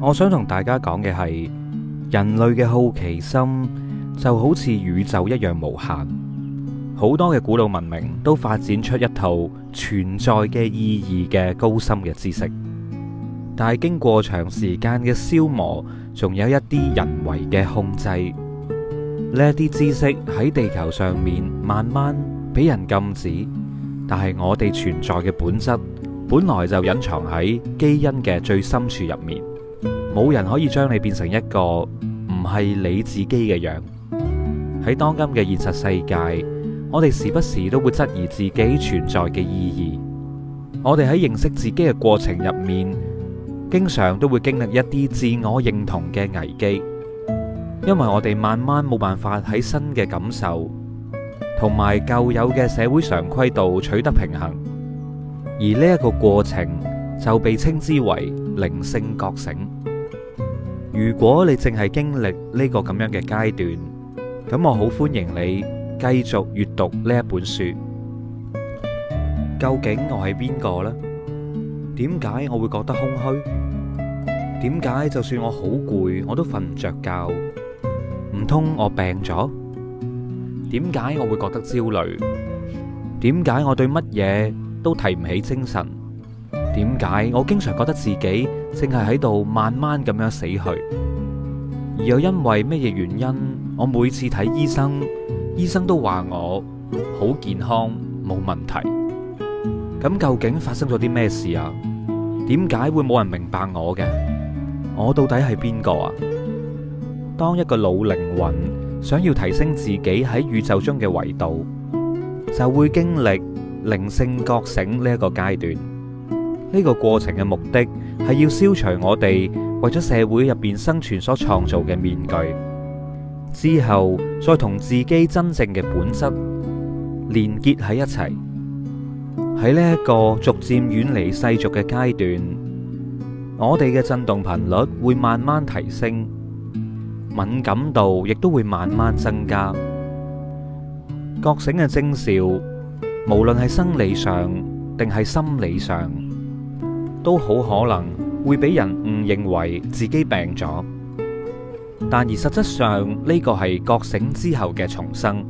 我想同大家講嘅係人類嘅好奇心就好似宇宙一樣無限。好多嘅古老文明都發展出一套存在嘅意義嘅高深嘅知識，但係經過長時間嘅消磨，仲有一啲人為嘅控制。呢一啲知識喺地球上面慢慢俾人禁止。但係我哋存在嘅本質，本來就隱藏喺基因嘅最深處入面。冇人可以將你變成一個唔係你自己嘅樣。喺當今嘅現實世界，我哋時不時都會質疑自己存在嘅意義。我哋喺認識自己嘅過程入面，經常都會經歷一啲自我認同嘅危機，因為我哋慢慢冇辦法喺新嘅感受同埋舊有嘅社會常規度取得平衡，而呢一個過程就被稱之為靈性覺醒。如果你淨係經歷呢個咁樣嘅階段，咁我好歡迎你繼續閱讀呢一本書。究竟我係邊個呢？點解我會覺得空虛？點解就算我好攰，我都瞓唔着覺？唔通我病咗？點解我會覺得焦慮？點解我對乜嘢都提唔起精神？點解我經常覺得自己淨係喺度慢慢咁樣死去？而又因為咩嘢原因，我每次睇醫生，醫生都話我好健康，冇問題。咁究竟發生咗啲咩事啊？點解會冇人明白我嘅？我到底係邊個啊？當一個老靈魂想要提升自己喺宇宙中嘅維度，就會經歷靈性覺醒呢一個階段。呢個過程嘅目的係要消除我哋為咗社會入邊生存所創造嘅面具，之後再同自己真正嘅本質連結喺一齊。喺呢一個逐漸遠離世俗嘅階段，我哋嘅震動頻率會慢慢提升，敏感度亦都會慢慢增加。覺醒嘅徵兆，無論係生理上定係心理上，都好可能會俾人誤認為自己病咗，但而實質上呢、這個係覺醒之後嘅重生，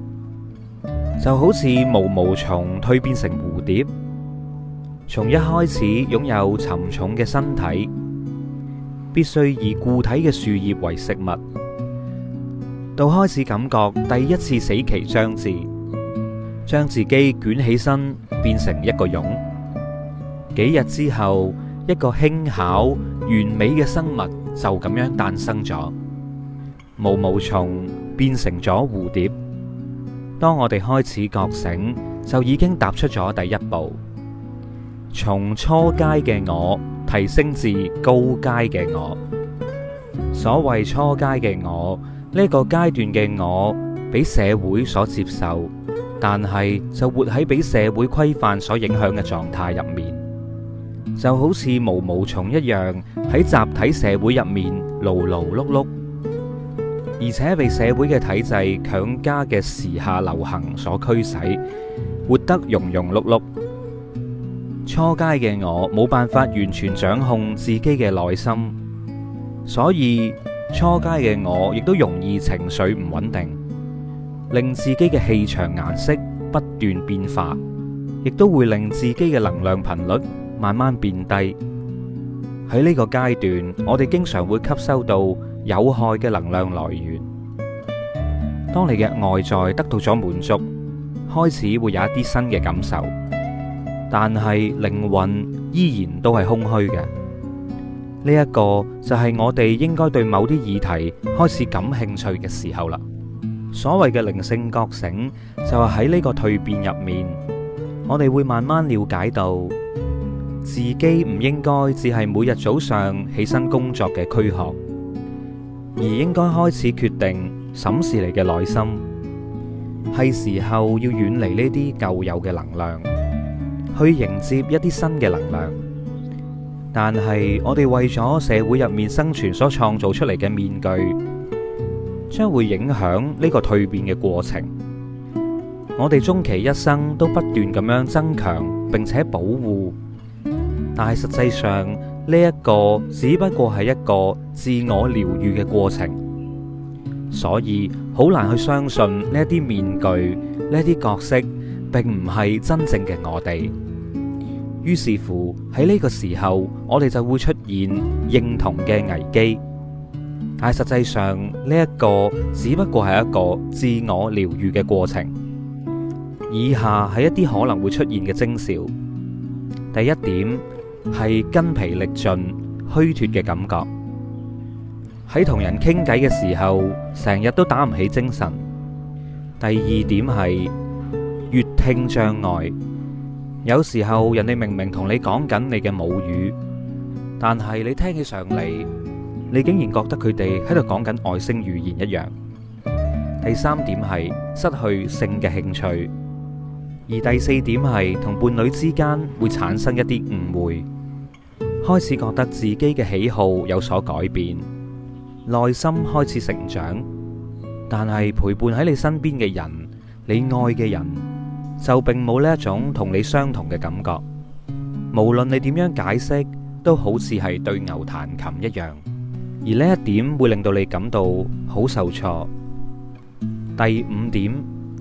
就好似毛毛蟲蛻變成蝴蝶，從一開始擁有沉重嘅身體，必須以固體嘅樹葉為食物，到開始感覺第一次死期將至，將自己捲起身變成一個蛹，幾日之後。一個輕巧完美嘅生物就咁樣誕生咗，毛毛蟲變成咗蝴蝶。當我哋開始覺醒，就已經踏出咗第一步，從初階嘅我提升至高階嘅我。所謂初階嘅我，呢個階段嘅我，俾社會所接受，但係就活喺俾社會規範所影響嘅狀態入面。就好似毛毛蟲一樣，喺集體社會入面勞勞碌碌，而且被社會嘅體制強加嘅時下流行所驅使，活得庸庸碌碌。初階嘅我冇辦法完全掌控自己嘅內心，所以初階嘅我亦都容易情緒唔穩定，令自己嘅氣場顏色不斷變化，亦都會令自己嘅能量頻率。慢慢變低。喺呢個階段，我哋經常會吸收到有害嘅能量來源。當你嘅外在得到咗滿足，開始會有一啲新嘅感受，但係靈魂依然都係空虛嘅。呢一個就係我哋應該對某啲議題開始感興趣嘅時候啦。所謂嘅靈性覺醒，就係喺呢個蛻變入面，我哋會慢慢了解到。自己唔應該只係每日早上起身工作嘅軀殼，而應該開始決定審視你嘅內心。係時候要遠離呢啲舊有嘅能量，去迎接一啲新嘅能量。但係我哋為咗社會入面生存所創造出嚟嘅面具，將會影響呢個蛻變嘅過程。我哋終其一生都不斷咁樣增強，並且保護。但係實際上呢一個只不過係一個自我療愈嘅過程，所以好難去相信呢啲面具，呢啲角色，並唔係真正嘅我哋。於是乎喺呢個時候，我哋就會出現認同嘅危機。但係實際上呢一個只不過係一個自我療愈嘅過程。以下係一啲可能會出現嘅徵兆。第一點。係筋疲力盡、虛脫嘅感覺。喺同人傾偈嘅時候，成日都打唔起精神。第二點係越聽障礙，有時候人哋明明同你講緊你嘅母語，但係你聽起上嚟，你竟然覺得佢哋喺度講緊外星語言一樣。第三點係失去性嘅興趣，而第四點係同伴侶之間會產生一啲誤會。開始覺得自己嘅喜好有所改變，內心開始成長，但係陪伴喺你身邊嘅人，你愛嘅人，就並冇呢一種同你相同嘅感覺。無論你點樣解釋，都好似係對牛彈琴一樣，而呢一點會令到你感到好受挫。第五點，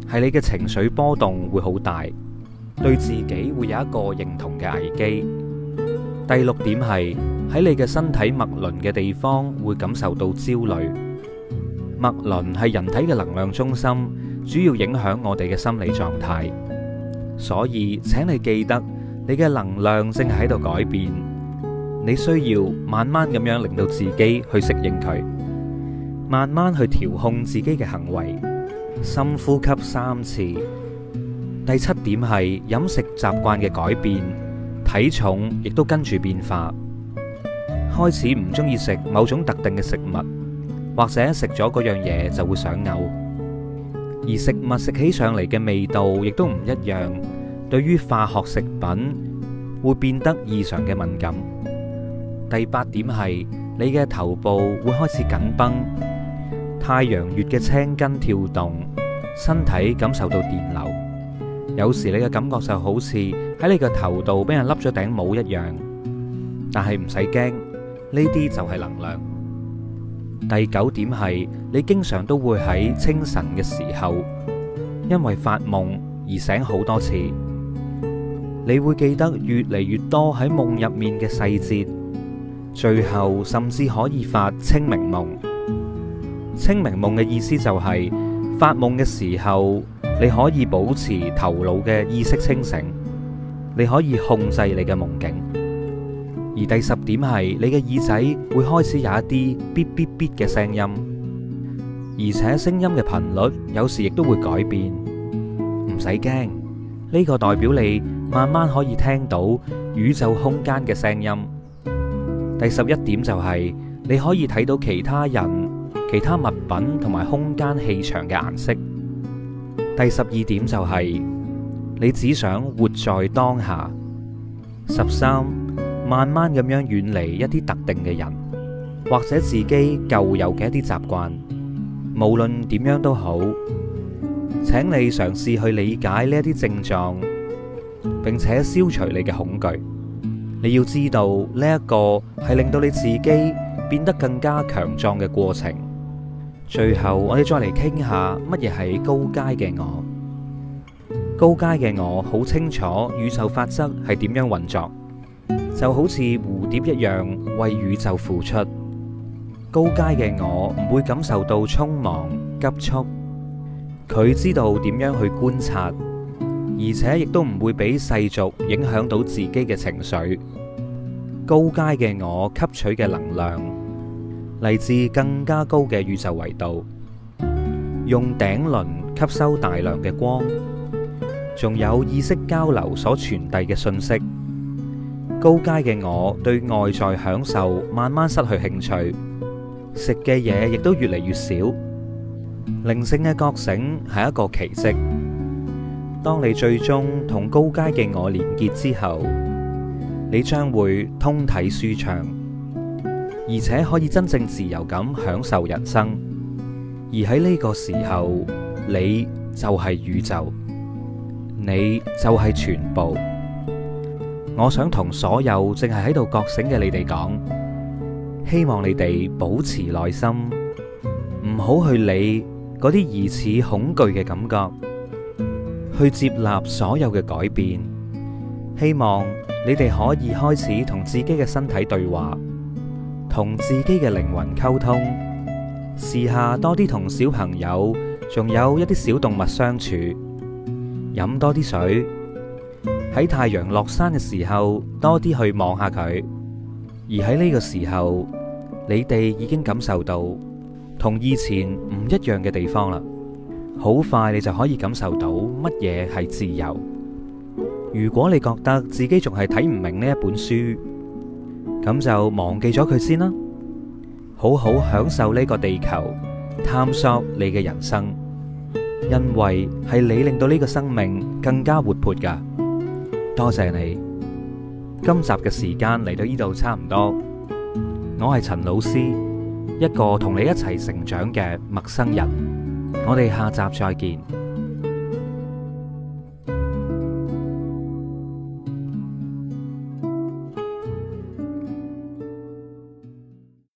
係你嘅情緒波動會好大，對自己會有一個認同嘅危機。第六點，係喺你嘅身體脈輪嘅地方會感受到焦慮。脈輪係人體嘅能量中心，主要影響我哋嘅心理狀態。所以請你記得，你嘅能量正係喺度改變，你需要慢慢咁樣令到自己去適應佢，慢慢去調控自己嘅行為。深呼吸三次。第七點係飲食習慣嘅改變。體重亦都跟住變化，開始唔中意食某種特定嘅食物，或者食咗嗰樣嘢就會想嘔。而食物食起上嚟嘅味道亦都唔一樣。對於化學食品，會變得異常嘅敏感。第八點係你嘅頭部會開始緊繃，太陽穴嘅青筋跳動，身體感受到電流，有時你嘅感覺就好似，喺你個頭度俾人笠咗頂帽一樣，但係唔使驚，呢啲就係能量。第九點係你經常都會喺清晨嘅時候，因為發夢而醒好多次。你會記得越嚟越多喺夢入面嘅細節，最後甚至可以發清明夢。清明夢嘅意思就係，發夢嘅時候，你可以保持頭腦嘅意識清醒。你可以控制你嘅夢境，而第十點係你嘅耳仔會開始有一啲嗶嗶嗶嘅聲音，而且聲音嘅頻率有時亦都會改變。唔使驚，呢個代表你慢慢可以聽到宇宙空間嘅聲音。第十一點就係你可以睇到其他人、其他物品同埋空間氣場嘅顏色。第十二點就係。你只想活在當下。十三，慢慢咁樣遠離一啲特定嘅人，或者自己舊有嘅一啲習慣，無論點樣都好，請你嘗試去理解呢一啲症狀，並且消除你嘅恐懼。你要知道呢一個係令到你自己變得更加強壯嘅過程。最後，我哋再嚟傾下乜嘢係高階嘅我。高階嘅我好清楚宇宙法則係點樣運作，就好似蝴蝶一樣為宇宙付出。高階嘅我唔會感受到匆忙急促，佢知道點樣去觀察，而且亦都唔會俾世俗影響到自己嘅情緒。高階嘅我吸取嘅能量嚟自更加高嘅宇宙維度，用頂輪吸收大量嘅光。仲有意識交流所傳遞嘅信息，高階嘅我對外在享受慢慢失去興趣，食嘅嘢亦都越嚟越少。靈性嘅覺醒係一個奇蹟。當你最終同高階嘅我連結之後，你將會通體舒暢，而且可以真正自由咁享受人生。而喺呢個時候，你就係宇宙。你就係全部。我想同所有淨係喺度覺醒嘅你哋講，希望你哋保持耐心，唔好去理嗰啲疑似恐懼嘅感覺，去接納所有嘅改變。希望你哋可以開始同自己嘅身體對話，同自己嘅靈魂溝通。時下多啲同小朋友，仲有一啲小動物相處。飲多啲水，喺太陽落山嘅時候多啲去望下佢，而喺呢個時候，你哋已經感受到同以前唔一樣嘅地方啦。好快你就可以感受到乜嘢係自由。如果你覺得自己仲係睇唔明呢一本書，咁就忘記咗佢先啦。好好享受呢個地球，探索你嘅人生。因為係你令到呢個生命更加活潑噶，多謝你。今集嘅時間嚟到呢度差唔多，我係陳老師，一個同你一齊成長嘅陌生人。我哋下集再見。